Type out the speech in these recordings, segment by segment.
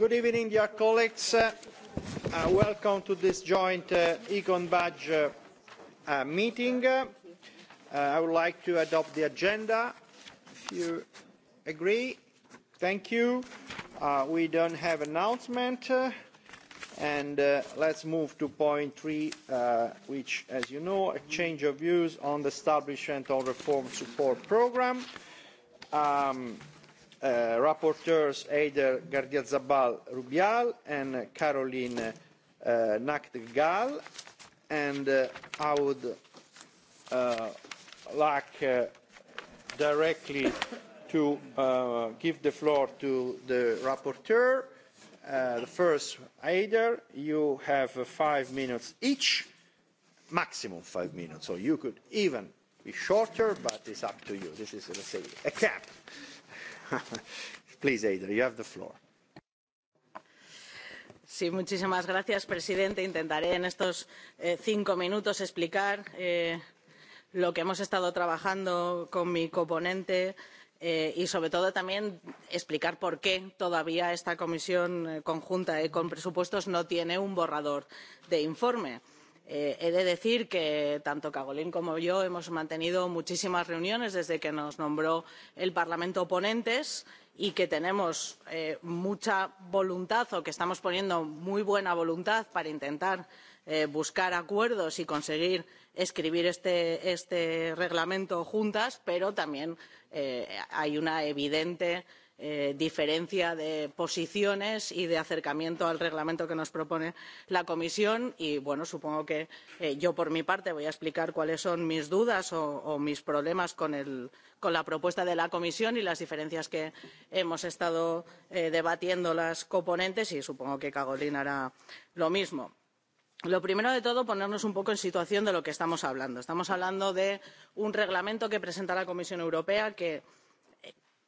Good evening, dear colleagues. Uh, uh, welcome to this joint uh, Econ Badge meeting. I would like to adopt the agenda. If you agree, thank you. we don't have announcement. and let's move to point three, which, as you know, exchange of views on the establishment of reform support program. Um, uh, rapporteurs Eider Gardiazabal Rubial and Caroline Nachtigall, uh, Nachtgal. And uh, I would uh, like uh, directly to uh, give the floor to the rapporteur. Uh, the first, Eider, you have uh, five minutes each, maximum five minutes. So you could even be shorter, but it's up to you. This is, let's say, a cap. señor presidente. Intentaré en estos eh, cinco minutos explicar eh, lo que hemos estado trabajando con mi coponente eh, y, sobre todo, también explicar por qué todavía esta comisión conjunta eh, con presupuestos no tiene un borrador de informe. Eh, he de decir que tanto Cagolín como yo hemos mantenido muchísimas reuniones desde que nos nombró el Parlamento ponentes y que tenemos eh, mucha voluntad o que estamos poniendo muy buena voluntad para intentar eh, buscar acuerdos y conseguir escribir este, este reglamento juntas, pero también eh, hay una evidente Eh, diferencia de posiciones y de acercamiento al reglamento que nos propone la comisión y bueno supongo que eh, yo por mi parte voy a explicar cuáles son mis dudas o, mis problemas con, la propuesta de la comisión y las diferencias que hemos estado eh, debatiendo las coponentes y supongo que Carolina hará lo mismo. Lo primero de todo, ponernos un poco en situación de lo que estamos hablando. Estamos hablando de un reglamento que presenta la Comisión Europea que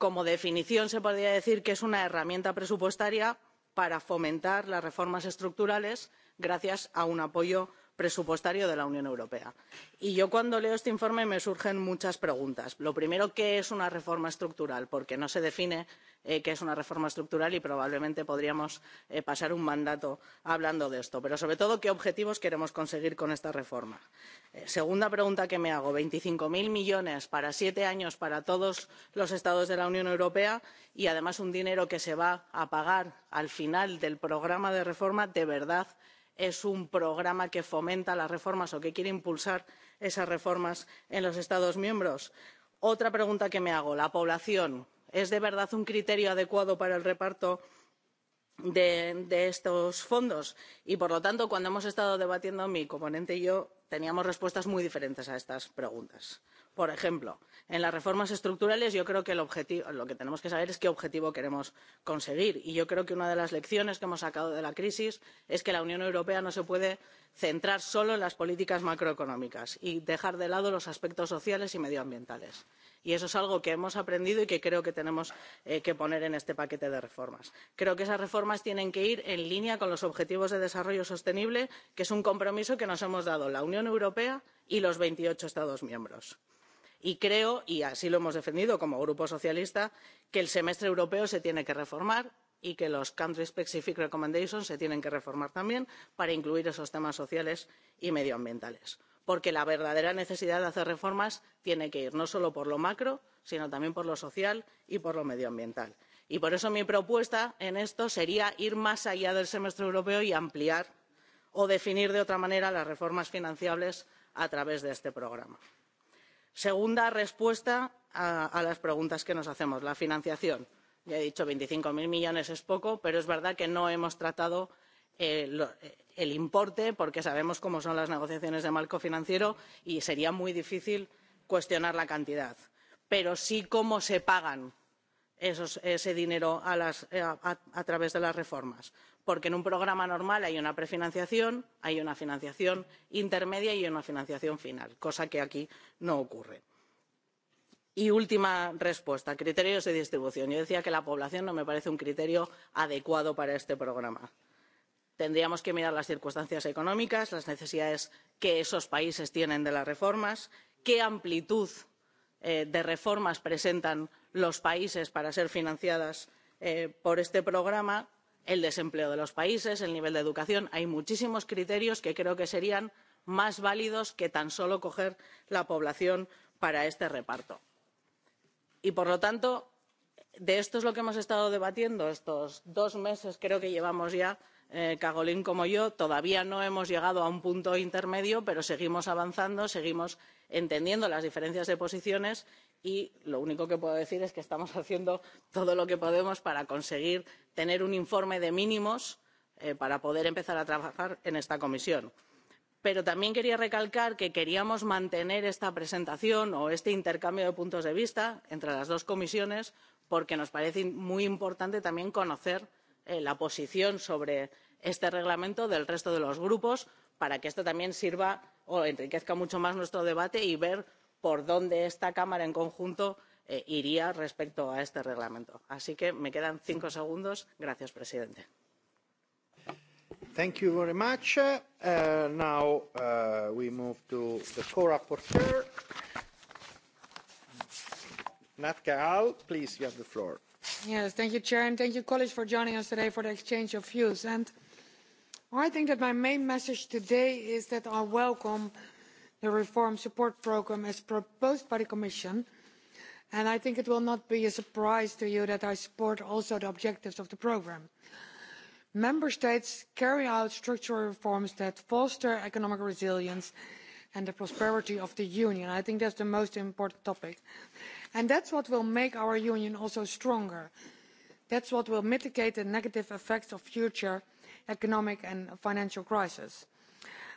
como definición se podría decir que es una herramienta presupuestaria para fomentar las reformas estructurales gracias a un apoyo presupuestario de la unión europea. y yo cuando leo este informe me surgen muchas preguntas. lo primero qué es una reforma estructural? porque no se define eh, qué es una reforma estructural y probablemente podríamos eh, pasar un mandato hablando de esto. pero sobre todo qué objetivos queremos conseguir con esta reforma? Eh, segunda pregunta que me hago veinticinco cero millones para siete años para todos los estados de la unión europea y además un dinero que se va a pagar al final del programa de reforma de verdad es un programa que fomenta las reformas o que quiere impulsar esas reformas en los estados miembros? otra pregunta que me hago la población es de verdad un criterio adecuado para el reparto de, estos fondos? y por lo tanto cuando hemos estado debatiendo mi coponente y yo teníamos respuestas muy diferentes a estas preguntas. por por ejemplo en las reformas estructurales yo creo que lo que tenemos que saber es qué objetivo queremos conseguir y yo creo que una de las lecciones que hemos sacado de la crisis es que la unión europea no se puede centrar solo en las políticas macroeconómicas y dejar de lado los aspectos sociales y medioambientales y eso es algo que hemos aprendido y que creo que tenemos eh, que poner en este paquete de reformas. creo que esas reformas tienen que ir en línea con los objetivos de desarrollo sostenible que es un compromiso que nos hemos dado la unión europea y los veintiocho estados miembros y creo y así lo hemos defendido como grupo socialista que el semestre europeo se tiene que reformar y que los country specific recommendations se tienen que reformar también para incluir esos temas sociales y medioambientales porque la verdadera necesidad de hacer reformas tiene que ir no solo por lo macro sino también por lo social y por lo medioambiental. y por eso mi propuesta en esto sería ir más allá del semestre europeo y ampliar o definir de otra manera las reformas financiables a través de este programa segunda respuesta a, las preguntas que nos hacemos la financiación. ya he dicho veinticinco cero millones es poco pero es verdad que no hemos tratado eh, eh, el importe porque sabemos cómo son las negociaciones de marco financiero y sería muy difícil cuestionar la cantidad pero sí cómo se paga ese dinero eh, a través de las reformas porque en un programa normal hay una prefinanciación hay una financiación intermedia y una financiación final cosa que aquí no ocurre. y última respuesta criterios de distribución. yo decía que la población no me parece un criterio adecuado para este programa. tendríamos que mirar las circunstancias económicas las necesidades que esos países tienen de las reformas qué amplitud eh, de reformas presentan los países para ser financiadas eh, por este programa el desempleo de los países el nivel de educación hay muchísimos criterios que creo que serían más válidos que tan solo coger la población para este reparto. y por lo tanto de esto es de lo que hemos estado debatiendo estos dos meses creo que llevamos ya eh, como yo. Todavía no hemos llegado a un punto intermedio, pero seguimos avanzando, seguimos entendiendo las diferencias de posiciones y lo único que puedo decir es que estamos haciendo todo lo que podemos para conseguir tener un informe de mínimos eh, para poder empezar a trabajar en esta comisión. Pero también quería recalcar que queríamos mantener esta presentación o este intercambio de puntos de vista entre las dos comisiones porque nos parece muy importante también conocer eh, la posición sobre este reglamento del resto de los grupos para que esto también sirva o enriquezca mucho más nuestro debate y ver por dónde esta Cámara en conjunto eh, iría respecto a este reglamento. Así que me quedan cinco segundos. Gracias, presidente. Thank you very much. Uh, now uh, we move to the rapporteur Nat Gaal, please, you have the floor. Yes, thank you, Chair, and thank you, colleagues, for joining us today for the exchange of views. And i think that my main message today is that i welcome the reform support programme as proposed by the commission and i think it will not be a surprise to you that i support also the objectives of the programme. member states carry out structural reforms that foster economic resilience and the prosperity of the union. i think that's the most important topic and that's what will make our union also stronger. that's what will mitigate the negative effects of future economic and financial crises.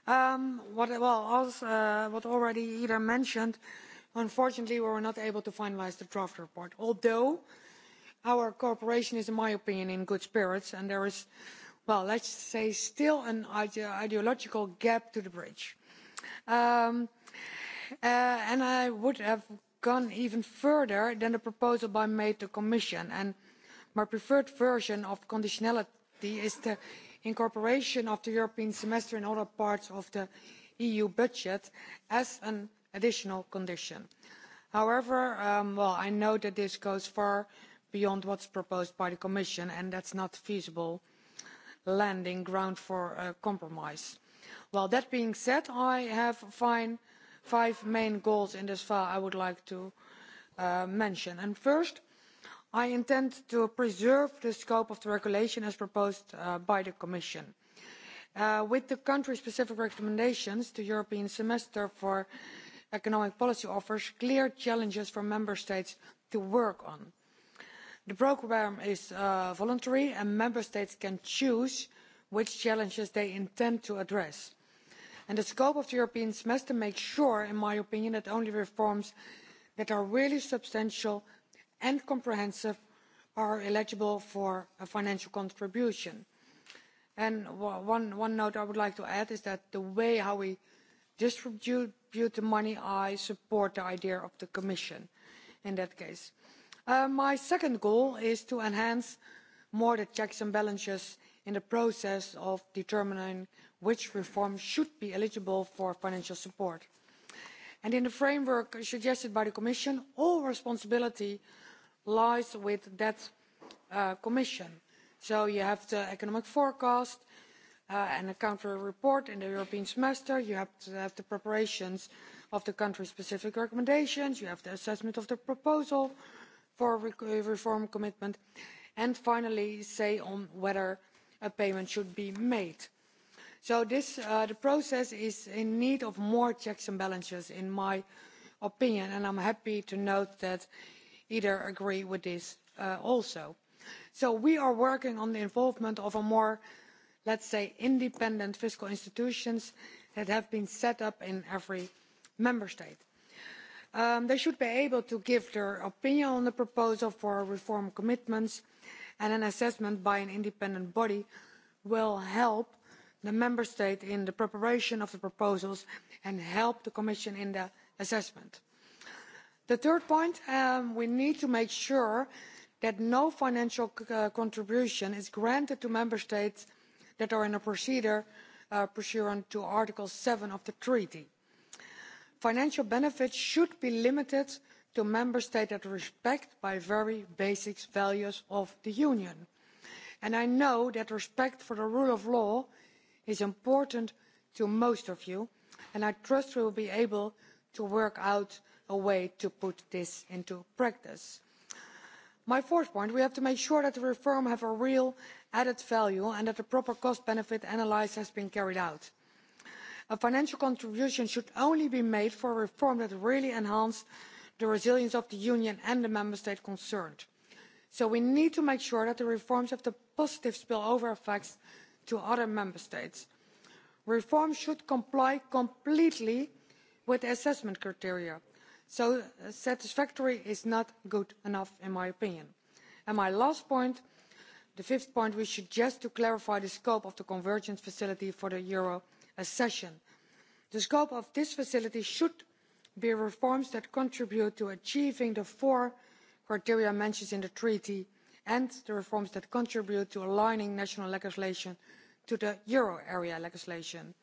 Um, what, well, uh, what already Ida mentioned unfortunately we were not able to finalise the draft report although our cooperation is in my opinion in good spirits and there is well let's say still an ideological gap to the bridge. Um, uh, and i would have gone even further than the proposal by made to the commission and my preferred version of conditionality is the incorporation of the european semester in other parts of the eu budget as an additional condition. however um, well, i know that this goes far beyond what's proposed by the commission and that's not feasible landing ground for a compromise. Well, that being said i have five main goals in this file i would like to uh, mention. And first i intend to preserve the scope of the regulation as proposed uh, by the commission. Uh, with the country specific recommendations the european semester for economic policy offers clear challenges for member states to work on. the programme is uh, voluntary and member states can choose which challenges they intend to address. And the scope of the european semester makes sure in my opinion that only reforms that are really substantial and comprehensive are eligible for a financial contribution. And one, one note i would like to add is that the way how we distribute distribute the money i support the idea of the commission in that case. Uh, my second goal is to enhance more the checks and balances in the process of determining which reforms should be eligible for financial support and in the framework suggested by the commission all responsibility lies with that uh, commission so you have the economic forecast Uh, and account for a report in the european semester you have to have the preparations of the country specific recommendations you have the assessment of the proposal for a reform commitment and finally say on whether a payment should be made. so this, uh, the process is in need of more checks and balances in my opinion and i'm happy to note that either agree with this uh, also. so we are working on the involvement of a more let's say independent fiscal institutions that have been set up in every member state. Um, they should be able to give their opinion on the proposal for reform commitments and an assessment by an independent body will help the member state in the preparation of the proposals and help the commission in the assessment. the third point um, we need to make sure that no financial uh, contribution is granted to member states that are in a procedure uh, pursuant to Article 7 of the Treaty. Financial benefits should be limited to member states that respect the very basic values of the Union. And I know that respect for the rule of law is important to most of you, and I trust we will be able to work out a way to put this into practice. My fourth point, we have to make sure that the reform have a real added value and that a proper cost benefit analysis has been carried out. a financial contribution should only be made for a reform that really enhances the resilience of the union and the member state concerned so we need to make sure that the reforms have the positive spillover effects to other member states. reform should comply completely with the assessment criteria so uh, satisfactory' is not good enough in my opinion. And my last point the fifth point we suggest to clarify the scope of the convergence facility for the euro accession. the scope of this facility should be reforms that contribute to achieving the four criteria mentioned in the treaty and the reforms that contribute to aligning national legislation to the euro area legislation.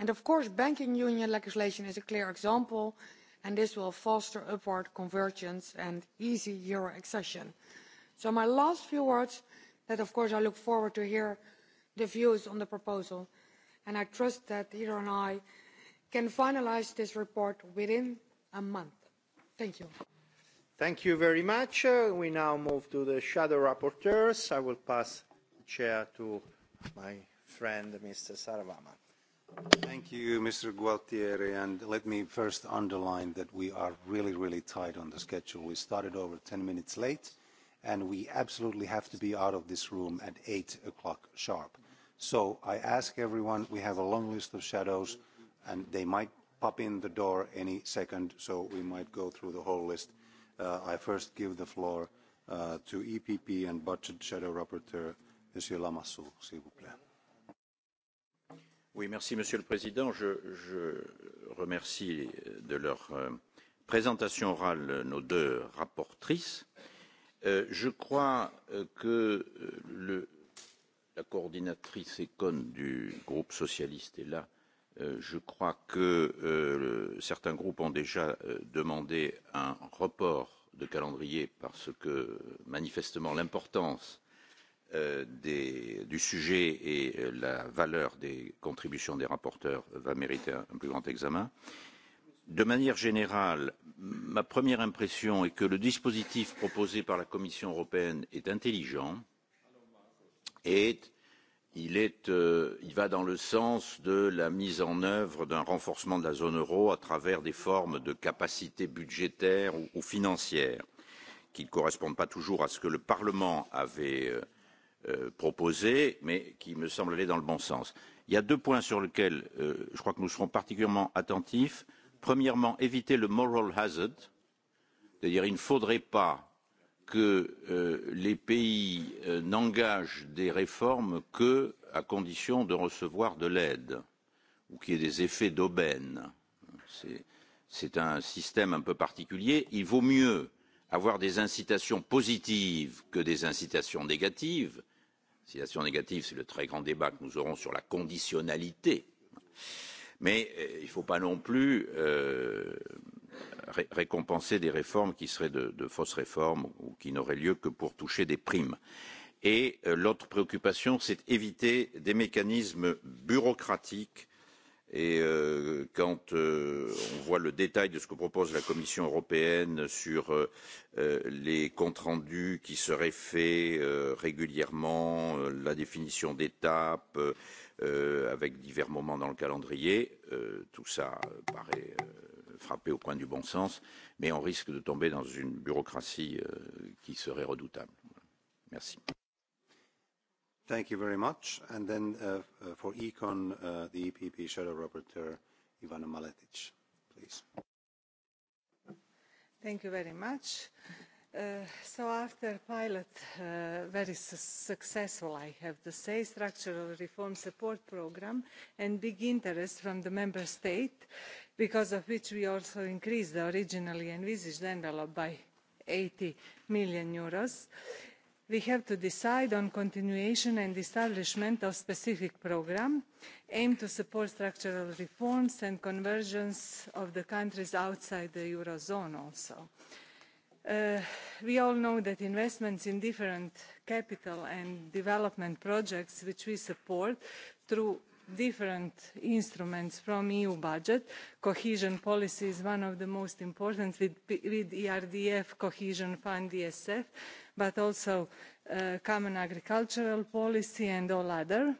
And of course banking union legislation is a clear example and this will foster upward convergence and easy euro accession. so my last few words that of course i look forward to hearing the views on the proposal and i trust that iro and i can finalise this report within a month. thank you. thank you very much. Uh, we now move to the shadow rapporteurs. i will pass the chair to my friend mr sarvamaa. Thank you, Mr. Gualtieri, and let me first underline that we are really, really tight on the schedule. We started over 10 minutes late, and we absolutely have to be out of this room at 8 o'clock sharp. So I ask everyone, we have a long list of shadows, and they might pop in the door any second, so we might go through the whole list. Uh, I first give the floor uh, to EPP and Budget Shadow Rapporteur, Monsieur Lamassoure, s'il vous plaît. Oui, merci Monsieur le Président. Je, je remercie de leur euh, présentation orale nos deux rapportrices. Euh, Euh, je crois euh, que euh, la coordinatrice Econ du groupe socialiste est là. Je crois que certains groupes ont déjà demandé un report de calendrier parce que manifestement l'importance des, du sujet et la valeur des contributions des rapporteurs va mériter un, un plus grand examen. Euh, de manière générale, ma première impression est que le dispositif proposé par la Commission européenne est intelligent et il, est, euh, il va dans le sens de la mise en œuvre d'un renforcement de la zone euro à travers des formes de capacités budgétaires ou, ou financières qui ne correspondent pas toujours à ce que le Parlement avait euh, euh, proposé, mais qui me semble aller dans le bon sens. Il y a deux points sur lesquels euh, je crois que nous serons particulièrement attentifs premièrement, éviter le moral hazard, c'est-à-dire il ne faudrait pas que euh, les pays euh, n'engagent des réformes que à condition de recevoir de l'aide ou qu'il y ait des effets d'aubaine. C'est un système un peu particulier. Il vaut mieux avoir des incitations positives que des incitations négatives. Incitations négatives, c'est le très grand débat que nous aurons sur la conditionnalité. Euh, Mais euh, il ne faut pas non plus euh, ré récompenser des réformes qui seraient de, de fausses réformes ou qui n'auraient lieu que pour toucher des primes. Et euh, l'autre préoccupation, c'est éviter des mécanismes bureaucratiques Et euh, quand euh, on voit le détail de ce que propose la Commission européenne sur euh, euh les comptes rendus qui seraient faits euh, régulièrement, euh, la définition d'étapes, euh, euh, avec divers moments dans le calendrier. Euh, tout ça euh, paraît euh, frappé au coin du bon sens, mais on risque de tomber dans une bureaucratie euh, qui serait redoutable. Merci. Thank you very much. And then uh, uh for Econ, uh, the EPP Shadow Rapporteur, Ivana Maletic, please. Thank you very much. Uh, so after pilot, uh, very su successful, I have to say, structural reform support programme and big interest from the member state, because of which we also increased the originally envisaged envelope by 80 million euros. We have to decide on continuation and establishment of specific programme aimed to support structural reforms and convergence of the countries outside the eurozone also. Uh, Uh, we all know that investments in different capital and development projects which we support through different instruments from eu budget cohesion policy is one of the most important with, with erdf cohesion fund esf but also uh, common agricultural policy and all other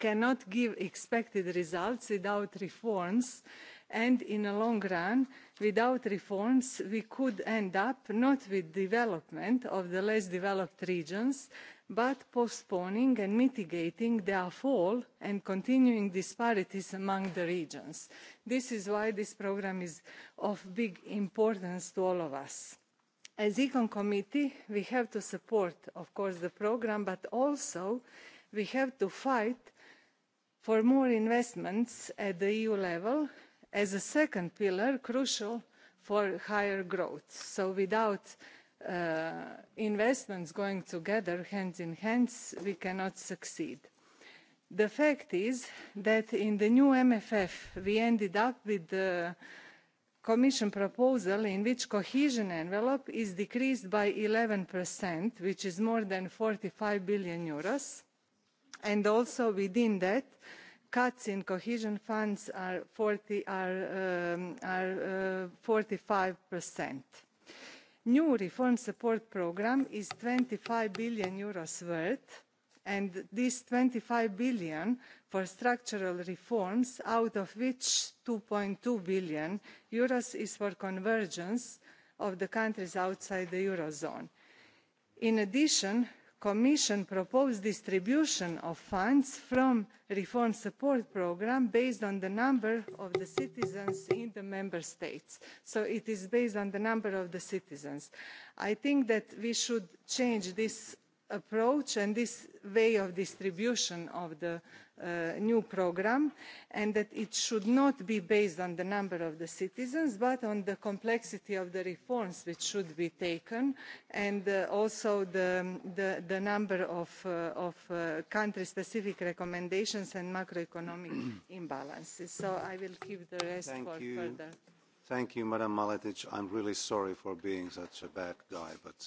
cannot give expected results without reforms and and in the long run without reforms we could end up not with development of the less developed regions but postponing and mitigating their fall and continuing disparities among the regions. this is why this programme is of big importance to all of us. as the econ committee we have to support of course the programme but also we have to fight for more investments at the eu level as a second pillar crucial for higher growth. so without uh, investments going together hand in hand we cannot succeed. the fact is that in the new mff we ended up with the commission proposal in which cohesion envelope is decreased by eleven which is more than eur forty five billion Euros, and also within that cuts in cohesion funds are forty um, uh, five new reform support programme is eur twenty five billion Euros worth and this eur twenty five billion for structural reforms out of which eur. two two billion Euros is for convergence of the countries outside the eurozone. in addition commission proposed distribution of funds from the reform support programme based on the number of the citizens in the member states so it is based on the number of the citizens. i think that we should change this approach and this way of distribution of the uh, new programme and that it should not be based on the number of the citizens but on the complexity of the reforms which should be taken and uh, also the, the, the number of, uh, of uh, country specific recommendations and macroeconomic imbalances. so i will keep the rest Thank for you. further. Thank you, Madam Maletic. I'm really sorry for being such a bad guy, but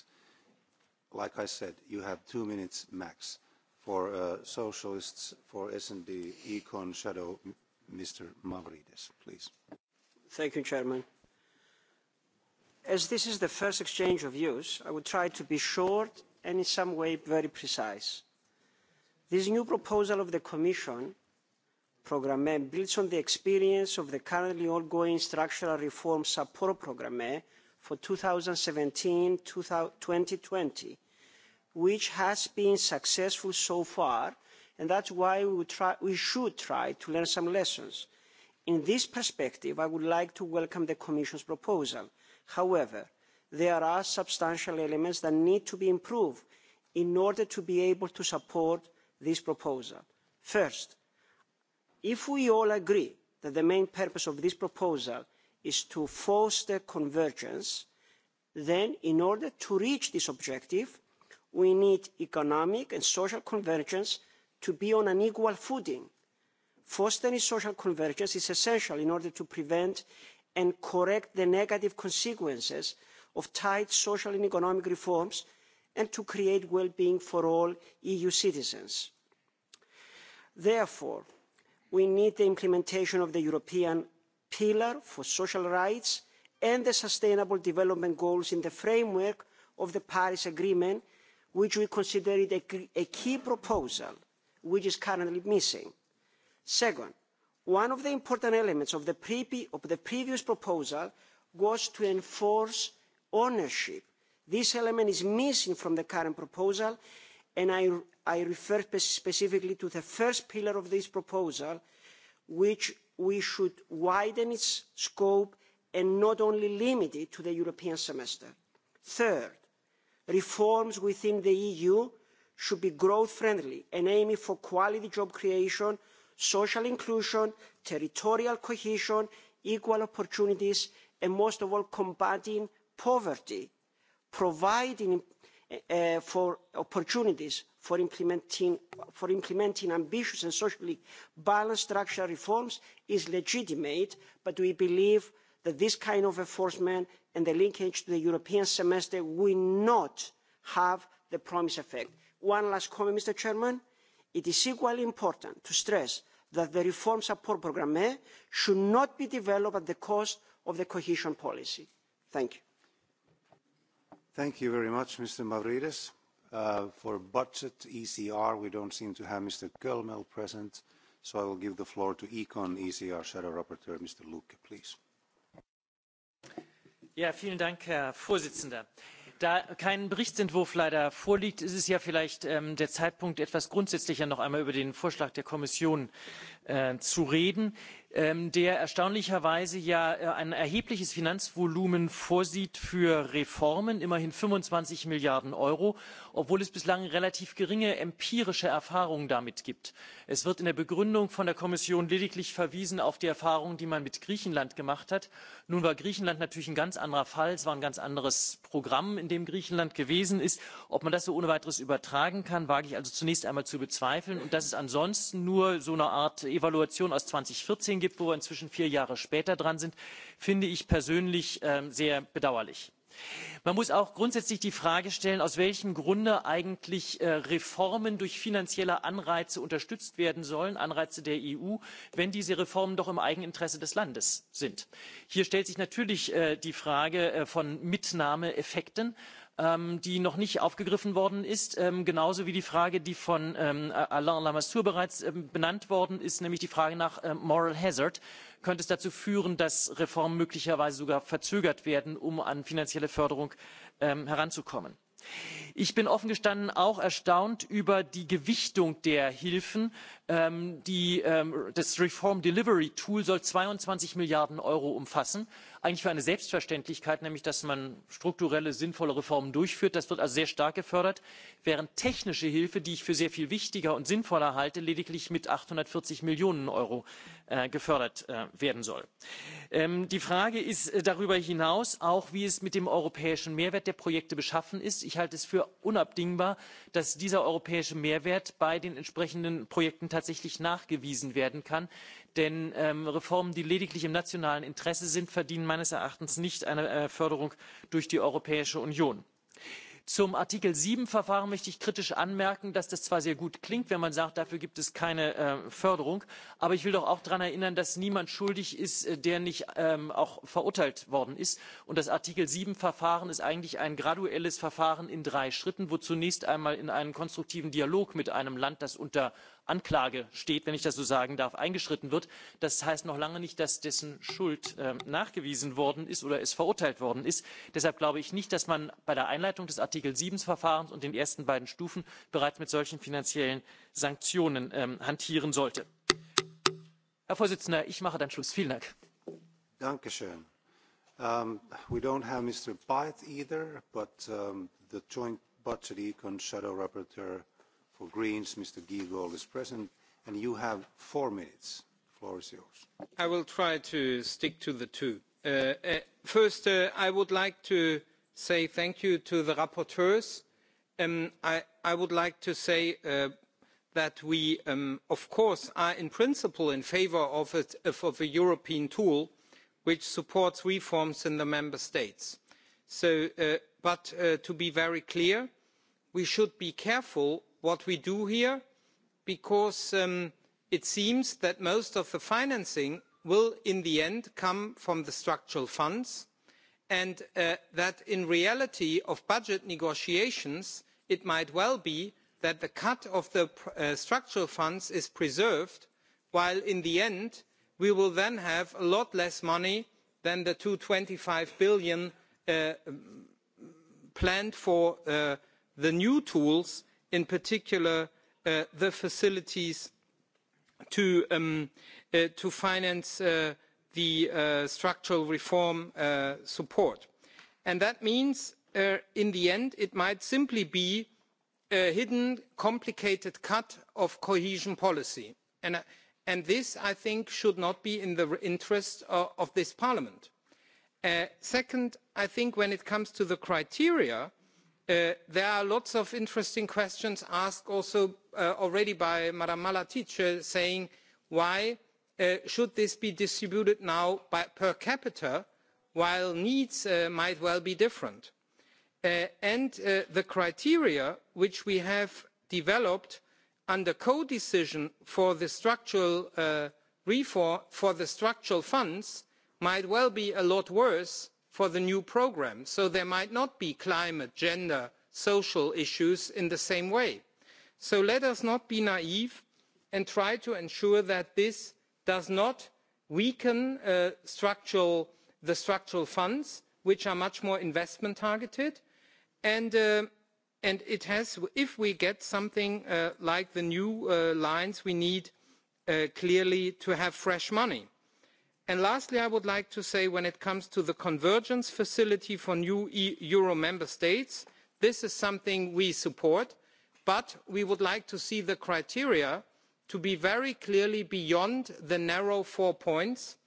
like I said, you have two minutes max for uh, socialists, for S&D, Econ Shadow, Mr. Mavridis, please. Thank you, Chairman. As this is the first exchange of views, I will try to be short and in some way very precise. This new proposal of the Commission Programme builds on the experience of the currently ongoing structural reform support programme for 2017-2020 which has been successful so far and that's why we, we should try to learn some lessons. in this perspective i would like to welcome the commission's proposal. however there are substantial elements that need to be improved in order to be able to support this proposal. first if we all agree that the main purpose of this proposal is to foster convergence then in order to reach this objective we need economic and social convergence to be on an equal footing. fostering social convergence is essential in order to prevent and correct the negative consequences of tight social and economic reforms and to create well-being for all eu citizens. therefore we need the implementation of the european pillar for social rights and the sustainable development goals in the framework of the paris agreement which we consider it a key proposal which is currently missing. second one of the important elements of the, previous proposal was to enforce ownership. this element is missing from the current proposal and I refer specifically to the first pillar of this proposal which we should widen its scope and not only limit it to the european semester. third reforms within the eu should be growth friendly and aiming for quality job creation social inclusion territorial cohesion equal opportunities and most of all combating poverty providing uh, for opportunities for implementing, for implementing ambitious and socially balanced structural reforms is legitimate but we believe that this kind of enforcement and the linkage to the european semester will not have the promised effect. one last comment mr president it is equally important to stress that the reform support programme eh, should not be developed at the cost of the cohesion policy. thank you. thank you very much mr mavrides. Uh, for budget ecr we don't seem to have mr kllmel present so i will give the floor to econ ecr shadow rapporteur mr luke please. Herr Vorsitzender. Da kein Berichtsentwurf leider vorliegt, ist es ja vielleicht ähm, der Zeitpunkt, etwas grundsätzlicher noch einmal über den Vorschlag der Kommission zu sprechen. Äh, zu reden ähm, der erstaunlicherweise ja äh, ein erhebliches finanzvolumen vorsieht für reformen immerhin fünfundzwanzig milliarden euro obwohl es bislang relativ geringe empirische erfahrungen damit gibt. es wird in der begründung von der kommission lediglich auf die erfahrungen verwiesen die man mit griechenland gemacht hat. nun war griechenland natürlich ein ganz anderer fall es war ein ganz anderes programm in dem griechenland gewesen ist. ob man das so ohne weiteres übertragen kann wage ich also zunächst einmal zu bezweifeln und dass es ansonsten nur so eine art evaluation aus zweitausendvierzehn gibt wo wir inzwischen vier jahre später dran sind finde ich persönlich ähm, sehr bedauerlich. man muss auch grundsätzlich die frage stellen aus welchem grunde eigentlich äh, reformen durch finanzielle anreize unterstützt werden sollen anreize der eu wenn diese reformen doch im eigeninteresse des landes sind. hier stellt sich natürlich äh, die frage äh, von mitnahmeeffekten. Ähm, die noch nicht aufgegriffen worden ist ähm, genauso wie die frage die von ähm, alain lamassoure bereits benannt worden ist nämlich die frage nach moral hazard könnte es dazu führen dass reformen möglicherweise sogar verzögert werden um an finanzielle förderung heranzukommen? ich bin offen gestanden auch erstaunt über die gewichtung der hilfen. Ähm, ähm, das reform delivery tool soll zweiundzwanzig milliarden euro umfassen eigentlich für eine selbstverständlichkeit nämlich dass man strukturelle sinnvolle reformen durchführt das wird also sehr stark gefördert während technische hilfe die ich für sehr viel wichtiger und sinnvoller halte lediglich mit achthundertvierzig millionen euro äh, gefördert äh, werden soll. Ähm, die frage ist äh, darüber hinaus auch wie es mit dem europäischen mehrwert der projekte beschaffen ist. ich halte es für unabdingbar dass dieser europäische mehrwert bei den entsprechenden projekten tatsächlich nachgewiesen werden kann. Denn ähm, Reformen, die lediglich im nationalen Interesse sind, verdienen meines Erachtens nicht eine äh, Förderung durch die Europäische Union. Zum Artikel 7 Verfahren möchte ich kritisch anmerken, dass das zwar sehr gut klingt, wenn man sagt, dafür gibt es keine äh, Förderung, aber ich will doch auch daran erinnern, dass niemand schuldig ist, äh, der nicht ähm, auch verurteilt worden ist. Und das Artikel 7 Verfahren ist eigentlich ein graduelles Verfahren in drei Schritten, wo zunächst einmal in einen konstruktiven Dialog mit einem Land, das unter anklage steht wenn ich das so sagen darf eingeschritten wird. das heißt noch lange nicht dass dessen schuld ähm, nachgewiesen worden ist oder es verurteilt worden ist. deshalb glaube ich nicht dass man bei der einleitung des artikel sieben verfahrens und den ersten beiden stufen bereits mit solchen finanziellen sanktionen ähm, hantieren sollte. herr präsident ich mache dann schluss. vielen dank. danke schön. Um, we don't have Mr. Bite either, but um, the joint budget econ shadow rapporteur For Greens, Mr. Giegold is present, and you have four minutes. The floor is yours. I will try to stick to the two. Uh, uh, first, uh, I would like to say thank you to the rapporteurs. Um, I, I would like to say uh, that we, um, of course, are in principle in favour of, a European tool which supports reforms in the member states. Uh, but uh, to be very clear we should be careful what we do here because um, it seems that most of the financing will in the end come from the structural funds and uh, that in reality of budget negotiations it might well be that the cut of the uh, structural funds is preserved while in the end we will then have a lot less money than the eur two hundred and twenty five billion uh, planned for the new tools in particular uh, the facilities to, um, uh, finance uh, the structural reform support. And that means in the end it might simply be a hidden complicated cut of cohesion policy and, this i think should not be in the interest of, this parliament. second i think when it comes to the criteria Uh, there are lots of interesting questions asked also uh, already by ms malatic saying why uh, should this be distributed now per capita while needs might well be different? and the criteria which we have developed under codecision for the structural reform for the structural funds might well be a lot worse for the new programme so there might not be climate gender social issues in the same way. so let us not be naive and try to ensure that this does not weaken uh, the structural funds which are much more investment targeted and, uh, it has, if we get something uh, like the new lines we need clearly to have fresh money lastly i would like to say when it comes to the convergence facility for new euro member states this is something we support but we would like to see the criteria to be very clearly beyond the narrow four points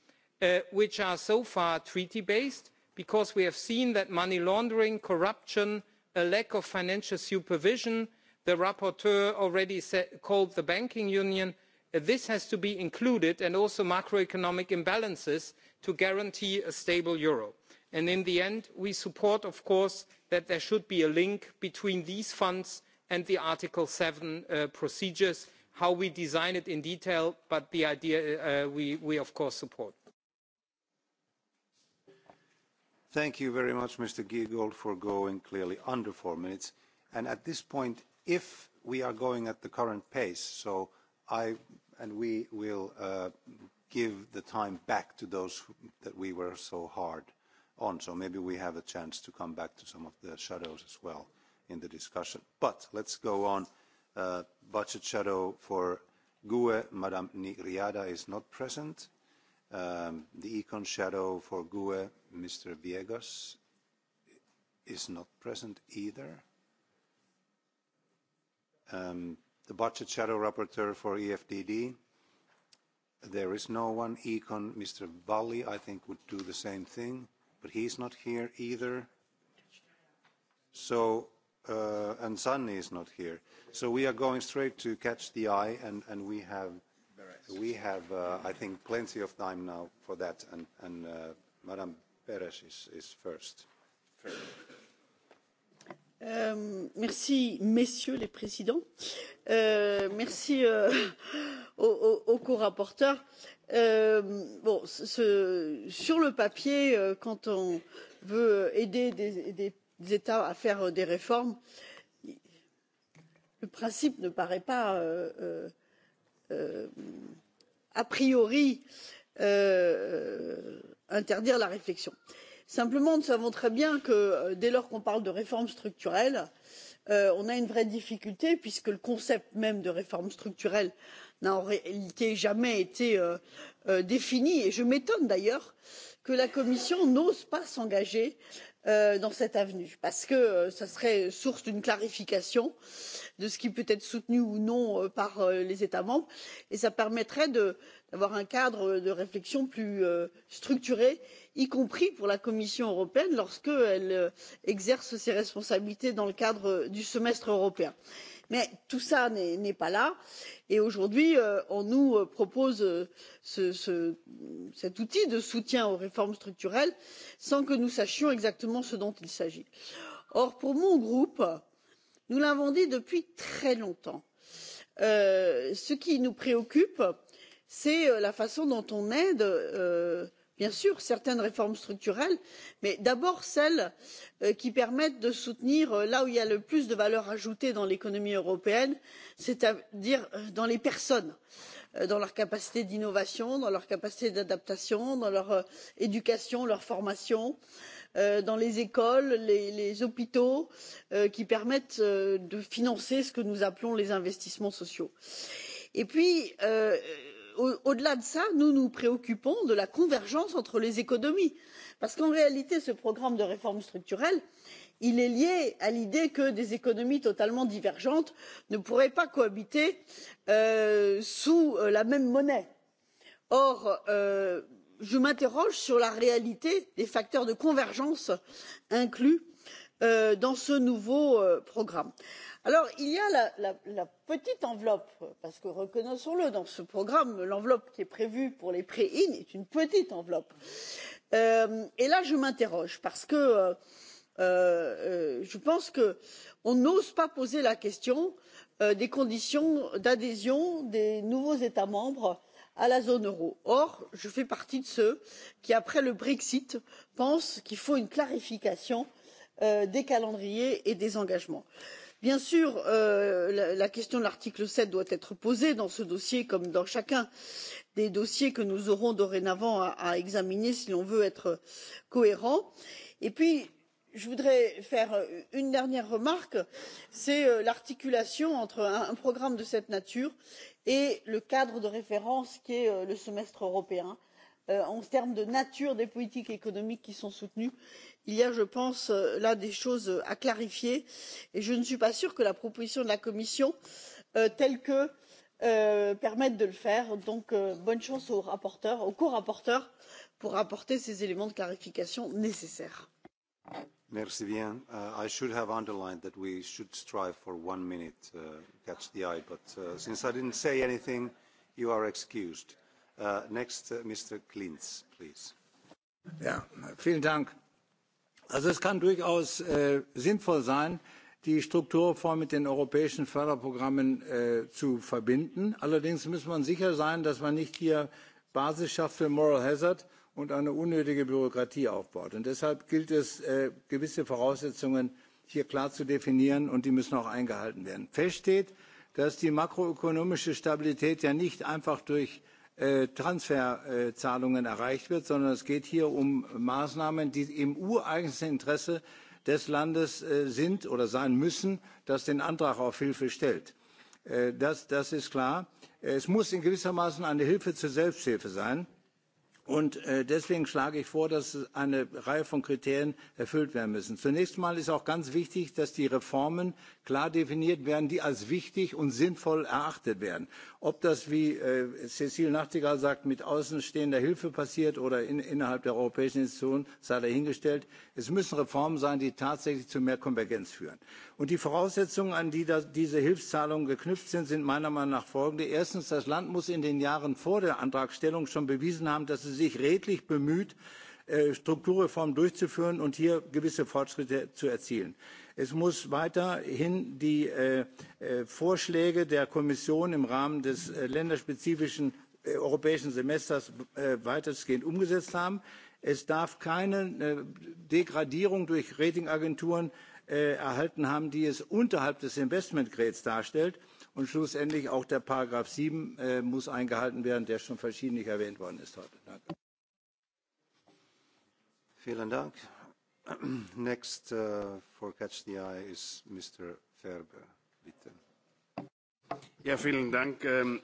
uh, which are so far treaty based because we have seen that money laundering corruption a lack of financial supervision the rapporteur already called the banking union Uh, this has to be included and also macroeconomic imbalances to guarantee a stable euro and in the end we support of course that there should be a link between these funds and the article seven uh, procedures how we design it in detail but the idea uh, we, we of course support. thank you very much mr giegold for going clearly under four minutes and at this point if we are going at the current pace so I and we will uh, give the time back to those who, that we were so hard on. So maybe we have a chance to come back to some of the shadows as well in the discussion. But let's go on. Uh, budget shadow for GUE, Madame Niriada is not present. Um, the econ shadow for GUE, Mr. Viegas, is not present either. Um, the budget shadow rapporteur for EFDD. There is no one. Econ, Mr. Valli, I think, would do the same thing, but he's not here either. So, uh, and Sunny is not here. So we are going straight to catch the eye, and, and we have, we have, uh, I think, plenty of time now for that. And, and uh, Madame Perez is, is first. first. Euh, merci messieurs les présidents euh, merci euh, aux, corapporteurs. Euh, sur le papier quand on veut aider des, états à faire des réformes le principe ne paraît pas a priori interdire la réflexion simplement nous savons très bien que euh, dès lors qu'on parle de réformes structurelles euh, on a une vraie difficulté puisque le concept même de réforme structurelle n'a en réalité jamais été euh, défini et je m'étonne d'ailleurs que la commission n'ose pas s'engager dans cette avenue parce que ce serait source d'une clarification de ce qui peut être soutenu ou non par les états membres et cela permettrait de d'avoir un cadre de réflexion plus euh, structuré y compris pour la commission européenne lorsqu'elle euh, exerce ses responsabilités dans le cadre du semestre européen. mais tout cela n'est pas là et aujourd'hui euh, on nous propose cet outil de soutien aux réformes structurelles sans que nous sachions exactement ce dont il s'agit. or pour mon groupe nous l'avons dit depuis très longtemps ce qui nous préoccupe c'est euh, la façon dont on aide euh, bien sûr certaines réformes structurelles mais d'abord celles euh, qui permettent de soutenir là où il y a le plus de valeur ajoutée dans l'économie européenne c'est à dire dans les personnes dans leur capacité d'innovation dans leur capacité d'adaptation dans leur éducation leur formation dans les écoles les, hôpitaux qui permettent de financer ce que nous appelons les investissements sociaux. et puis il au, delà de cela nous nous préoccupons de la convergence entre les économies parce qu'en réalité ce programme de réformes structurelles est lié à l'idée que des économies totalement divergentes ne pourraient pas cohabiter euh, sous euh, la même monnaie. or euh, je m'interroge sur la réalité des facteurs de convergence inclus dans ce nouveau programme alors il y a la, petite enveloppe parce que reconnaissons le dans ce programme l'enveloppe qui est prévue pour les prêts in est une petite enveloppe euh, et là je m'interroge parce que euh, euh, je pense qu'on n'ose pas poser la question des conditions d'adhésion des nouveaux états membres à la zone euro. or je fais partie de ceux qui après le brexit pensent qu'il faut une clarification des calendriers et des engagements. il bien sûr euh, la question de l'article sept doit être posée dans ce dossier comme dans chacun des dossiers que nous aurons dorénavant à, examiner si l'on veut être cohérent et puis je voudrais faire une dernière remarque c'est euh, l'articulation entre un programme de cette nature et le cadre de référence qu'est euh, le semestre européen Euh, en termes de nature des politiques économiques qui sont soutenues il y a je pense euh, là des choses euh, à clarifier et je ne suis pas sûre que la proposition de la commission telle que permette de le faire donc bonne chance aux rapporteurs aux corapporteurs pour apporter ces éléments de clarification nécessaires. Merci bien. Uh, I should have underlined that we should strive for one minute uh, catch the eye, but uh, since I didn't say anything, you are excused. Uh, uh, also es kann durchaus äh, sinnvoll sein, die Strukturreform mit den europäischen Förderprogrammen äh, zu verbinden. Allerdings muss man sicher sein, dass man nicht hier Basis schafft für Moral Hazard und eine unnötige Bürokratie aufbaut. Und deshalb gilt es, äh, gewisse Voraussetzungen hier klar zu definieren und die müssen auch eingehalten werden. Fest steht, dass die makroökonomische Stabilität ja nicht einfach durch Äh, transferzahlungen erreicht wird sondern es geht hier um maßnahmen die im ureigensten interesse des landes äh, sind oder sein müssen das den antrag auf hilfe stellt. Äh, das, das ist klar. es muss in gewissermaßen eine hilfe zur selbsthilfe sein und deswegen schlage ich vor dass eine reihe von kriterien erfüllt werden müssen. zunächst einmal ist auch ganz wichtig dass die reformen klar definiert werden die als wichtig und sinnvoll erachtet werden. Ob das, wie äh, Cecile Nachtigall sagt, mit außenstehender Hilfe passiert oder in, innerhalb der europäischen Institutionen, sei dahingestellt. Es müssen Reformen sein, die tatsächlich zu mehr Konvergenz führen. Und die Voraussetzungen, an die das, diese Hilfszahlungen geknüpft sind, sind meiner Meinung nach folgende. Erstens, das Land muss in den Jahren vor der Antragstellung schon bewiesen haben, dass es sich redlich bemüht, äh, Strukturreformen durchzuführen und hier gewisse Fortschritte zu erzielen es muss weiterhin die äh, äh, vorschläge der kommission im rahmen des äh, länderspezifischen europäischen semesters weitestgehend umgesetzt haben. es darf keine degradierung durch ratingagenturen erhalten haben die es unterhalb des investment grades darstellt und schlussendlich auch der paragraph sieben muss eingehalten werden der schon verschiedentlich erwähnt worden ist heute. Ähm,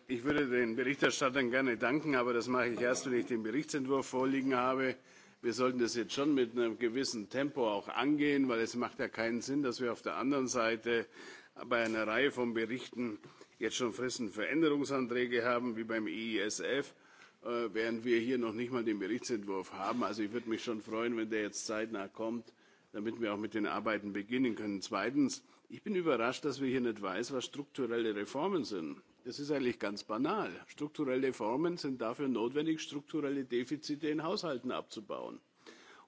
ich würde den Berichterstattern gerne danken, aber das mache ich erst, wenn ich den Berichtsentwurf vorliegen habe. Wir sollten das jetzt schon mit einem gewissen Tempo auch angehen, weil es macht ja keinen Sinn, dass wir auf der anderen Seite bei einer Reihe von Berichten jetzt schon Fristen für Änderungsanträge haben, wie beim EISF Äh, während wir hier noch nicht mal den Berichtsentwurf haben. Also ich würde mich schon freuen, wenn der jetzt zeitnah kommt, damit wir auch mit den Arbeiten beginnen können. Zweitens, ich bin überrascht, dass wir hier nicht weiß, was strukturelle Reformen sind. Das ist eigentlich ganz banal. Strukturelle Reformen sind dafür notwendig, strukturelle Defizite in Haushalten abzubauen.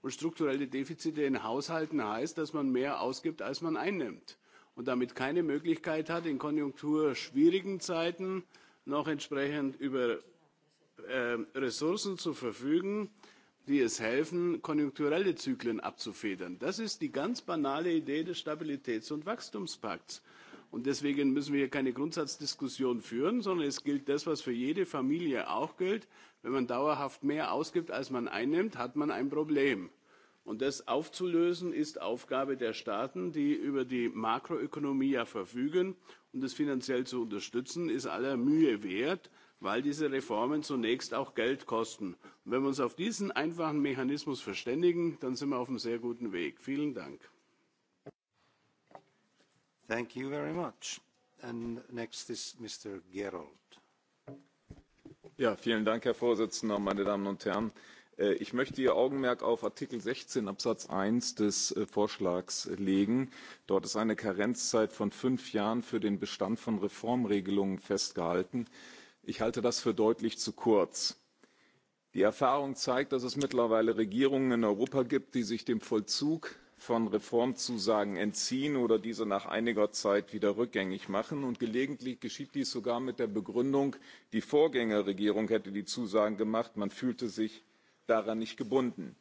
Und strukturelle Defizite in Haushalten heißt, dass man mehr ausgibt, als man einnimmt und damit keine Möglichkeit hat, in konjunkturschwierigen Zeiten noch entsprechend über Ähm, Ressourcen zu verfügen, die es helfen, konjunkturelle Zyklen abzufedern. Das ist die ganz banale Idee des Stabilitäts- und Wachstumspakts. Und deswegen müssen wir hier keine Grundsatzdiskussion führen, sondern es gilt das, was für jede Familie auch gilt. Wenn man dauerhaft mehr ausgibt, als man einnimmt, hat man ein Problem. Und das aufzulösen ist Aufgabe der Staaten, die über die Makroökonomie ja verfügen. Und das finanziell zu unterstützen, ist aller Mühe wert weil diese Reformen zunächst auch Geld kosten. Und wenn wir uns auf diesen einfachen Mechanismus verständigen, dann sind wir auf einem sehr guten Weg. Vielen Dank. Thank you very much. And next is Mr. Gerold. Ja, vielen Dank, Herr Vorsitzender, meine Damen und Herren. Äh, ich möchte Ihr Augenmerk auf Artikel 16 Absatz 1 des äh, Vorschlags legen. Dort ist eine Karenzzeit von fünf Jahren für den Bestand von Reformregelungen festgehalten Ich halte das für deutlich zu kurz. Die Erfahrung zeigt, dass es mittlerweile Regierungen in Europa gibt, die sich dem Vollzug von Reformzusagen entziehen oder diese nach einiger Zeit wieder rückgängig machen. Und gelegentlich geschieht dies sogar mit der Begründung, die Vorgängerregierung hätte die Zusagen gemacht, man fühlte sich daran nicht gebunden.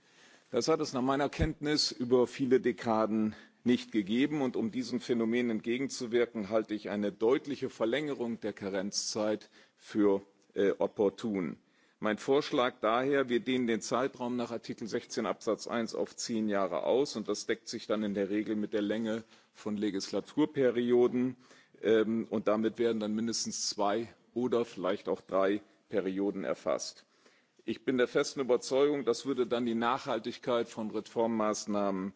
Das hat es nach meiner Kenntnis über viele Dekaden nicht gegeben. Und um diesem Phänomen entgegenzuwirken, halte ich eine deutliche Verlängerung der Karenzzeit für äh, opportun. Mein Vorschlag daher, wir dehnen den Zeitraum nach Artikel 16 Absatz 1 auf zehn Jahre aus und das deckt sich dann in der Regel mit der Länge von Legislaturperioden ähm, und damit werden dann mindestens zwei oder vielleicht auch drei Perioden erfasst. Ich bin der festen Überzeugung, das würde dann die Nachhaltigkeit von Reformmaßnahmen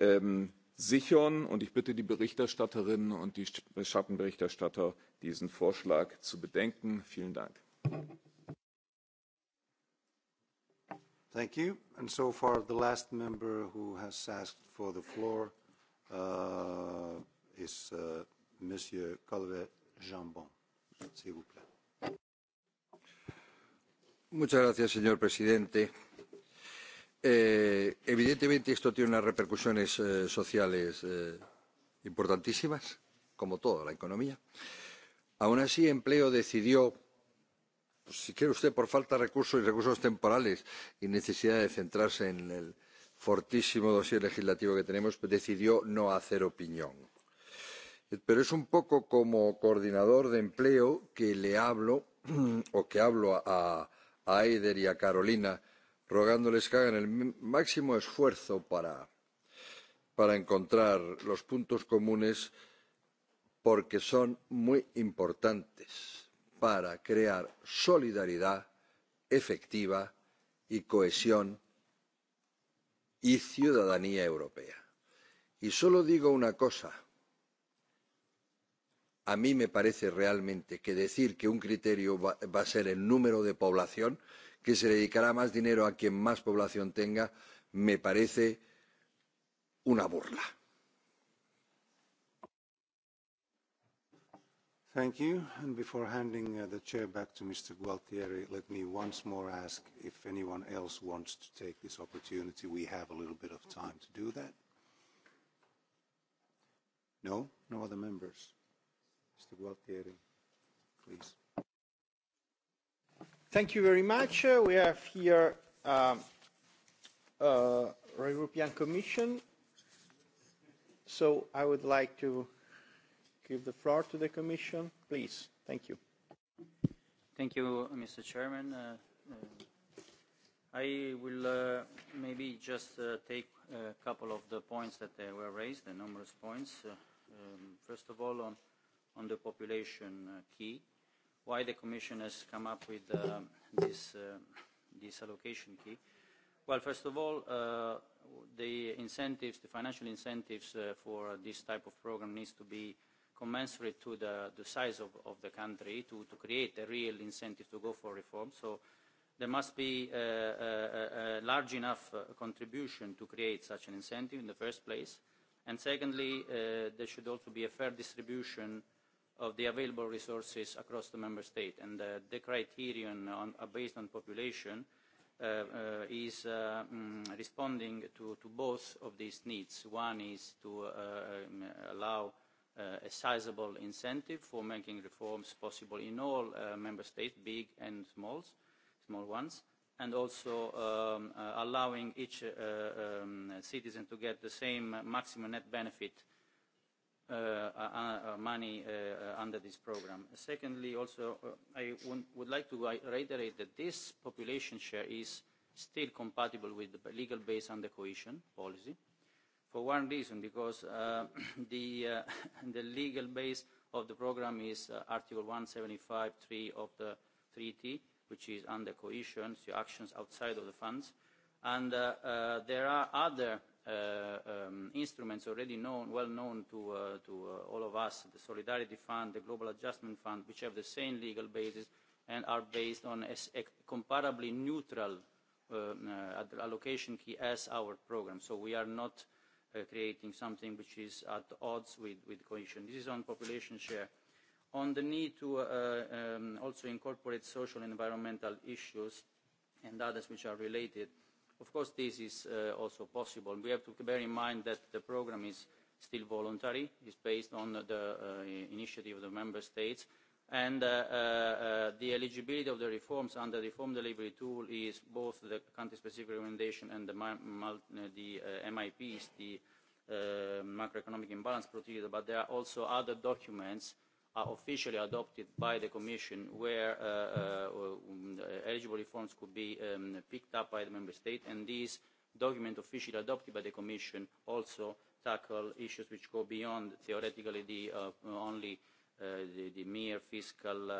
ähm, sichern. Und ich bitte die Berichterstatterinnen und die Schattenberichterstatter, diesen Vorschlag zu bedenken. Vielen Dank. Thank you. And so far, the last member who has asked for the floor uh, is uh, Monsieur Calvet Jambon. S'il vous plaît. Muchas gracias, señor presidente. Eh, evidentemente esto tiene unas repercusiones eh, sociales eh, importantísimas, como toda la economía. Aún así, empleo decidió, pues, si quiere usted, por falta de recursos y recursos temporales y necesidad de centrarse en el fortísimo dossier legislativo que tenemos, pues, decidió no hacer opinión. Pero es un poco como coordinador de empleo que le hablo o que hablo a, a Eider y a Carolina rogándoles que hagan el máximo esfuerzo para, para encontrar los puntos comunes porque son muy importantes para crear solidaridad efectiva y cohesión y ciudadanía europea. Y solo digo una cosa. A mí me parece realmente que decir que un criterio va, va a ser el número de población, eh, que se dedicará más dinero a quien más población tenga, me parece una burla. Thank you. And before handing uh, the chair back to Mr. Gualtieri, let me once more ask if anyone else wants to take this opportunity. We have a little bit of time to do that. No? No other members? Mr. Gualtieri, please. Thank you very much. Uh, we have here um, uh, European Commission. So I would like to give the floor to the Commission. Please, thank you. Thank you, Mr. Chairman. Uh, uh, I will uh, maybe just uh, take a couple of the points that uh, were raised, the numerous points. Uh, um, first of all, on, on the population uh, key. Uh, why the Commission has come up with uh, this, uh, this allocation key. Well, first of all, uh, the incentives, the financial incentives uh, for this type of program needs to be commensurate to the, the size of, of the country to, to create a real incentive to go for reform. So there must be a, a, a large enough uh, contribution to create such an incentive in the first place. And secondly, uh, there should also be a fair distribution uh, of the available resources across the member state. And uh, the criterion on, uh, based on population uh, uh, is uh, um, responding to, to both of these needs. One is to uh, um, allow uh, a sizable incentive for making reforms possible in all uh, member states, big and smalls, small ones, and also um, uh, allowing each uh, um, citizen to get the same maximum net benefit uh, Uh uh, uh, uh, money uh, uh, under this program. Secondly, also, uh, I would like to reiterate that this population share is still compatible with the legal base under cohesion policy for one reason, because uh, the, uh, the legal base of the program is uh, Article 175.3 of the treaty, which is under cohesion, so actions outside of the funds. And uh, uh, there are other Uh, um, instruments already known, well known to, uh, to uh, all of us, the Solidarity Fund, the Global Adjustment Fund, which have the same legal basis and are based on a, comparably neutral um, uh, allocation key as our program. So we are not uh, creating something which is at odds with, with cohesion. This is on population share. On the need to uh, um, also incorporate social and environmental issues and others which are related, Of course, this is uh, also possible. We have to bear in mind that the programme is still voluntary. is based on the uh, initiative of the member states. And uh, uh, uh, the eligibility of the reforms under the reform delivery tool is both the country-specific recommendation and the, uh, the uh, MIPs, the uh, macroeconomic imbalance procedure, but there are also other documents are officially adopted by the Commission where uh, uh, eligible reforms could be um, picked up by the Member State and these documents officially adopted by the Commission also tackle issues which go beyond theoretically the uh, only uh, the, the mere fiscal uh,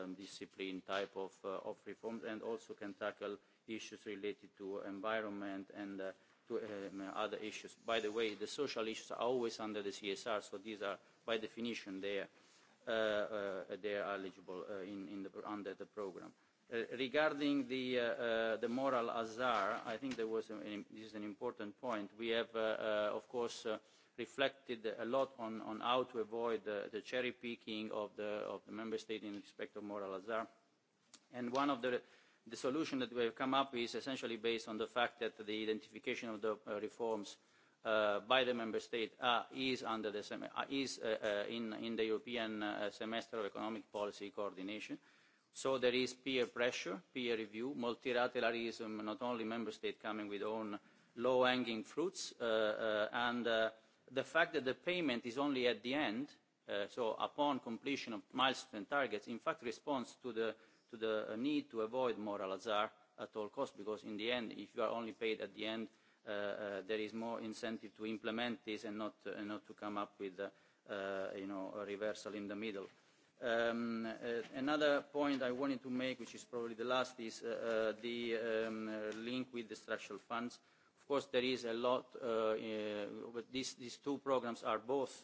uh um, discipline type of, uh, of reforms and also can tackle issues related to environment and uh, to um, other issues. By the way, the social issues are always under the CSR, so these are by definition there. Uh, Uh, uh, they are eligible uh, in, in the, under the program. regarding the, the moral azar, I think there was an, this is an important point. We have, of course, reflected a lot on, on how to avoid the, the cherry picking of the, of the member state in respect of moral hazard. And one of the, the solution that we have come up with is essentially based on the fact that the identification of the uh, reforms Uh, by the member state uh, is under the uh, is in the European semester of economic policy coordination. So there is peer pressure, peer review, multilateralism, not only member state coming with own low-hanging fruits, and the fact that the payment is only at the end, so upon completion of milestone targets, in fact responds to the, to the need to avoid moral hazard at all costs, because in the end, if you are only paid at the end, uh, uh, there is more incentive to implement this and not, uh, not to come up with uh, uh, you know, a reversal in the middle. Um, uh, another point I wanted to make, which is probably the last, is uh, uh, the um, uh, link with the structural funds. Of course, there is a lot, uh, uh, but these, these two programs are both,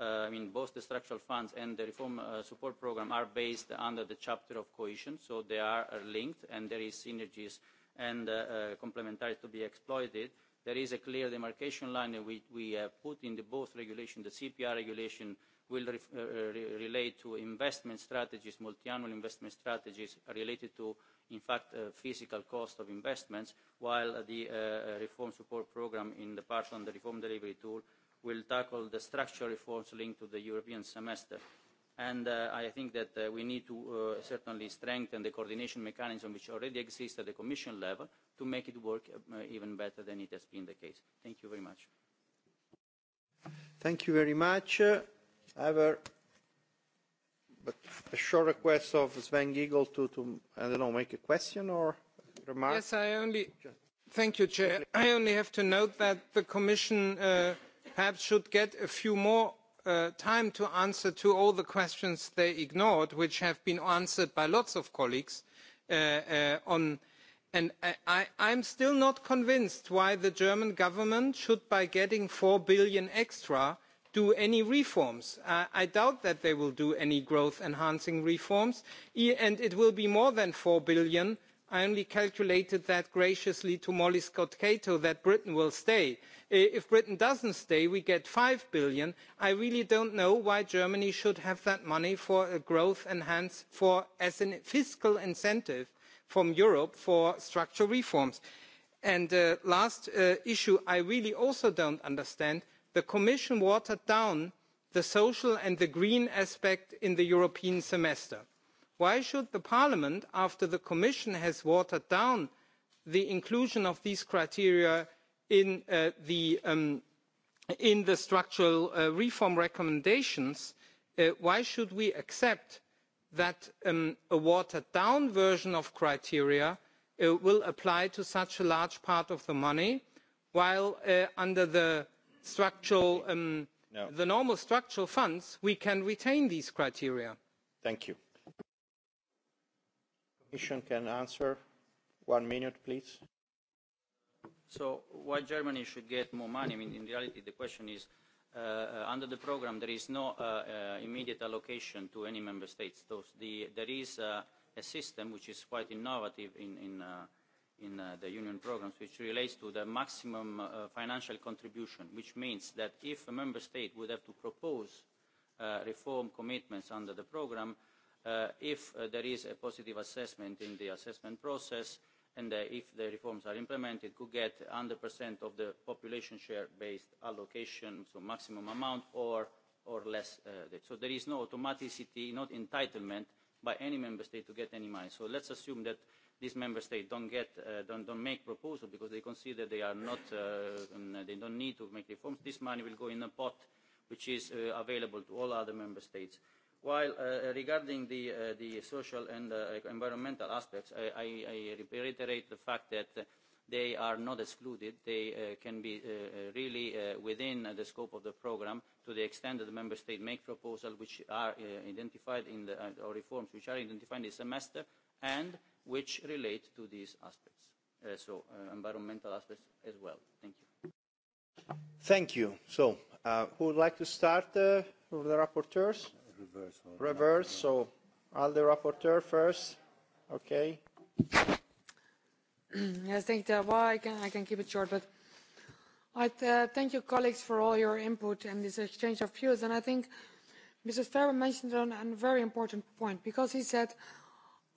uh, I mean, both the structural funds and the reform uh, support program are based under the chapter of cohesion, so they are uh, linked and there is synergies and uh, uh, complementarity to be exploited. Uh, there is a clear demarcation line and we, have uh, put in both regulation, the CPR regulation will uh, uh, relate to investment strategies, multiannual investment strategies related to, in fact, physical cost of investments, while the reform support programme in the part on the reform delivery tool will tackle the structural reforms linked to the European semester. And uh, I think that uh, we need to uh, certainly strengthen the coordination mechanism which already exists at the Commission level, to make it work uh, uh, even better than it has been the case. Thank you very much. Thank you very much. Uh, I have a, but a short request of Sven Giegel to, to, I don't know, make a question or remark? Yes, I only, thank you, Chair. I only have to note that the Commission uh, perhaps should get a few more uh, time to answer to all the questions they ignored, which have been answered by lots of colleagues uh, uh, on and i am still not convinced why the german government should by getting eur four billion extra do any reforms. i doubt that they will do any growth enhancing reforms and it will be more than eur four billion i only calculated that graciously to molly scott cato that britain will stay. if britain doesn't stay we get eur five billion. i really don't know why germany should have that money for a growth enhancing for as a fiscal incentive from europe for structural reforms. and the uh, last uh, issue i really also don't understand the commission watered down the social and the green aspect in the european semester. why should parliament after the commission has watered down the inclusion of these criteria in uh, um, the structural reform recommendations why should we accept that um, a watered down version of criteria uh, will apply to such a large part of the money while uh, under the structural um, no. the normal structural funds we can retain these criteria thank you commission can answer one minute please so why germany should get more money i mean in reality the question is Uh, uh, under the programme there is no uh, uh, immediate allocation to any member states. Those, the, there is uh, a system which is quite innovative in, in, in the union programmes which relates to the maximum financial contribution, which means that if a member state would have to propose reform commitments under the programme, if there is a positive assessment in the assessment process, and uh, if the reforms are implemented, could get 100% of the population share-based allocation, so maximum amount, or, or less. Uh, so there is no automaticity, not entitlement by any member state to get any money. So let's assume that these member states don't, get, uh, don't, don't make proposal because they consider they, are not, uh, they don't need to make reforms. This money will go in a pot which is uh, available to all other member states. Uh, While uh, regarding the, uh, the social and uh, environmental aspects, I, I, I reiterate the fact that they are not excluded. They uh, can be uh, really uh, within the scope of the programme to the extent that the member state make proposals which are uh, identified in the, uh, or reforms which are identified in the semester and which relate to these aspects. Uh, so uh, environmental aspects as well. Thank you. Thank you. So uh, who would like to start uh, with the rapporteurs? reverse. Reverse, so ALDE rapporteur first. Okay. yes, thank you. Well, I can, I can keep it short, but I uh, thank you, colleagues, for all your input and this exchange of views. And I think Mr. Ferber mentioned an, a very important point because he said,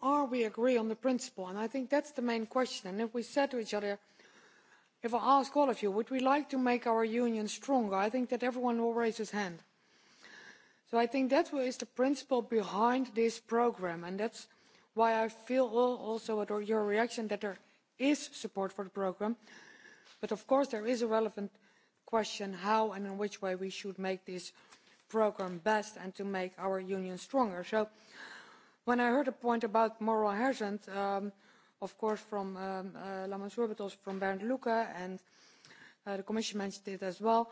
are we agree on the principle? And I think that's the main question. And if we said to each other, if I ask all of you, would we like to make our union stronger? I think that everyone will raise his hand so i think that is the principle behind this programme and that's why i feel also at your reaction that there is support for the programme but of course there is a relevant question how and in which way we should make this programme best and to make our union stronger. so when i heard a point about moral hazard um, of course from um, uh, lamassoure but also from bernd lucke and uh, the commission mentioned it as well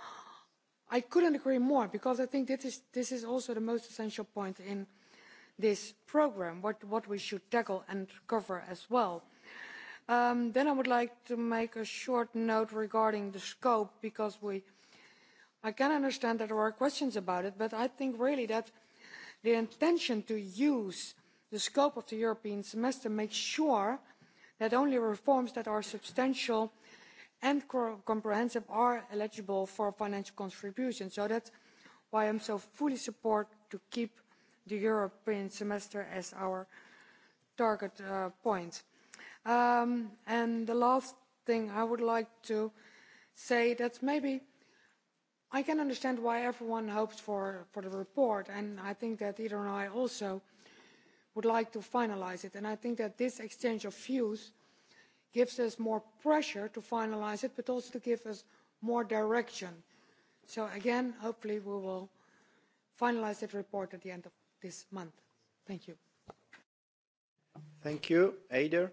i couldn't agree more because i think this is, also the most essential point in this programme what, we should tackle and cover as well. Um, then i would like to make a short note regarding the scope because i can understand that there are questions about it but i think really that the intention to use the scope of the european semester makes sure that only reforms that are substantial and comprehensive are eligible for financial contributions so that's why i'm so fully support to keep the european semester as our target uh, point. Um, and the last thing i would like to say that maybe i can understand why everyone hopes for, for the report and i think that iter and i also would like to finalise it and i think that this exchange of views gives us more pressure to finalise it but also to give us more direction. so again hopefully we will finalise that report at the end of this month. thank you. Thank you. Eider.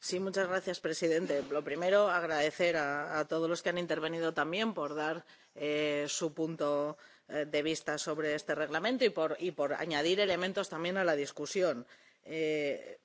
Sí, muchas gracias, presidente. Lo primero, agradecer a, a todos los que han intervenido también por dar eh, su punto eh, de vista sobre este reglamento y por, y por añadir elementos también a la discusión. Eh,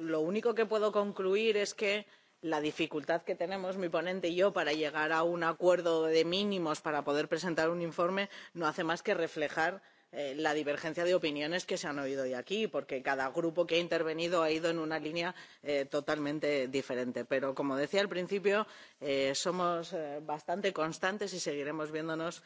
lo único que puedo concluir es que la dificultad que tenemos mi ponente y yo para llegar a un acuerdo de mínimos para poder presentar un informe no hace más que reflejar eh, la divergencia de opiniones que se han oído hoy aquí porque cada grupo que ha intervenido ha ido en una línea eh, totalmente diferente. Pero, como decía al principio, eh, somos bastante constantes y seguiremos viéndonos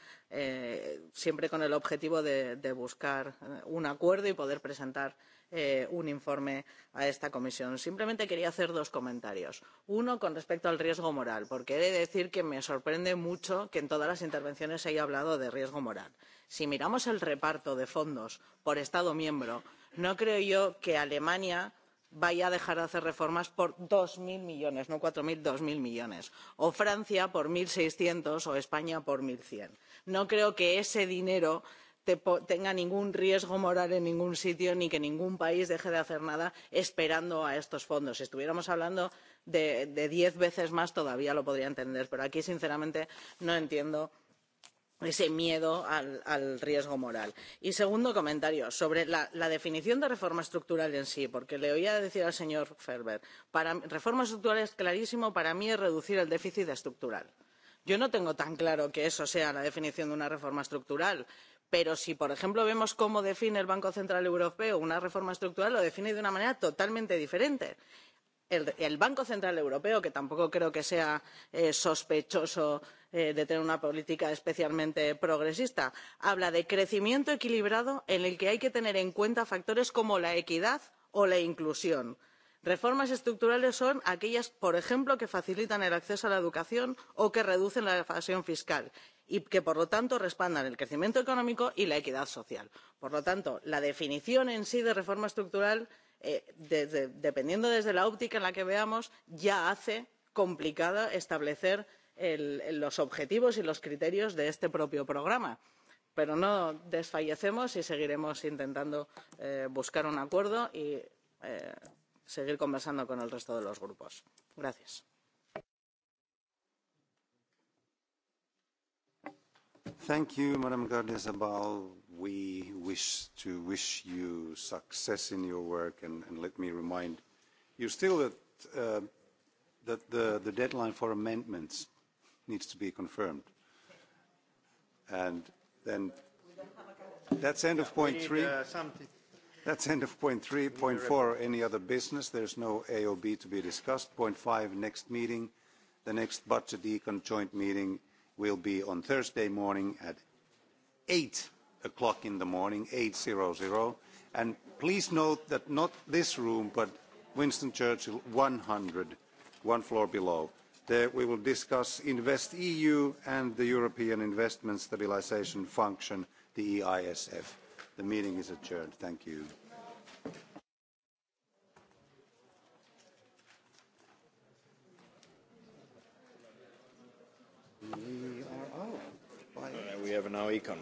siempre con el objetivo de, de buscar un acuerdo y poder presentar eh, un informe a esta comisión. Simplemente quería hacer dos comentarios. Uno, con respecto al riesgo moral, porque he de decir que me sorprende mucho que en todas las intervenciones se haya hablado de riesgo moral. Si miramos el reparto de fondos por Estado miembro, no creo yo que Alemania vaya a dejar de hacer reformas por dos mil millones no cuatro mil dos mil millones o francia por uno seiscientos o españa por uno cien no creo que ese dinero tenga ningún riesgo moral en ningún sitio ni que ningún país deje de hacer nada esperando a estos fondos. si estuviéramos hablando de, diez veces más todavía lo podría entender pero aquí sinceramente no entiendo ese miedo al, riesgo moral. Y segundo comentario, sobre la, definición de reforma estructural en sí, porque le oía decir al señor Ferber, para, reforma estructural es clarísimo, para mí es reducir el déficit estructural. Yo no tengo tan claro que eso sea la definición de una reforma estructural pero si por ejemplo vemos cómo define el banco central europeo una reforma estructural lo define de una manera totalmente diferente. El, banco central europeo que tampoco creo que sea eh, sospechoso eh, de tener una política especialmente progresista habla de crecimiento equilibrado en el que hay que tener en cuenta factores como la equidad o la inclusión. reformas estructurales son aquellas por ejemplo que facilitan el acceso a la educación o que reducen la evasión fiscal y que por lo tanto respaldan el crecimiento económico y la equidad social. por lo tanto la definición en sí de reforma estructural eh, de, de, dependiendo desde la óptica en la que veamos ya hace complicado establecer los objetivos y los criterios de este propio programa pero no desfallecemos y seguiremos intentando eh, buscar un acuerdo y eh, seguir conversando con el resto de los grupos. gracias. Thank you, Madam Gardia Zabal. We wish to wish you success in your work, and, and let me remind you still that, uh, that the, the deadline for amendments needs to be confirmed. And then that's end of point three. Uh, that's end of point three. Point four, any other business? There's no A or B to be discussed. Point five, next meeting. The next budget econ joint meeting will be on Thursday morning at 8 o'clock in the morning, 8.00. And please note that not this room, but Winston Churchill 100, one floor below. There we will discuss Invest EU and the European Investment Stabilisation Function, the EISF. The meeting is adjourned. Thank you. now econ.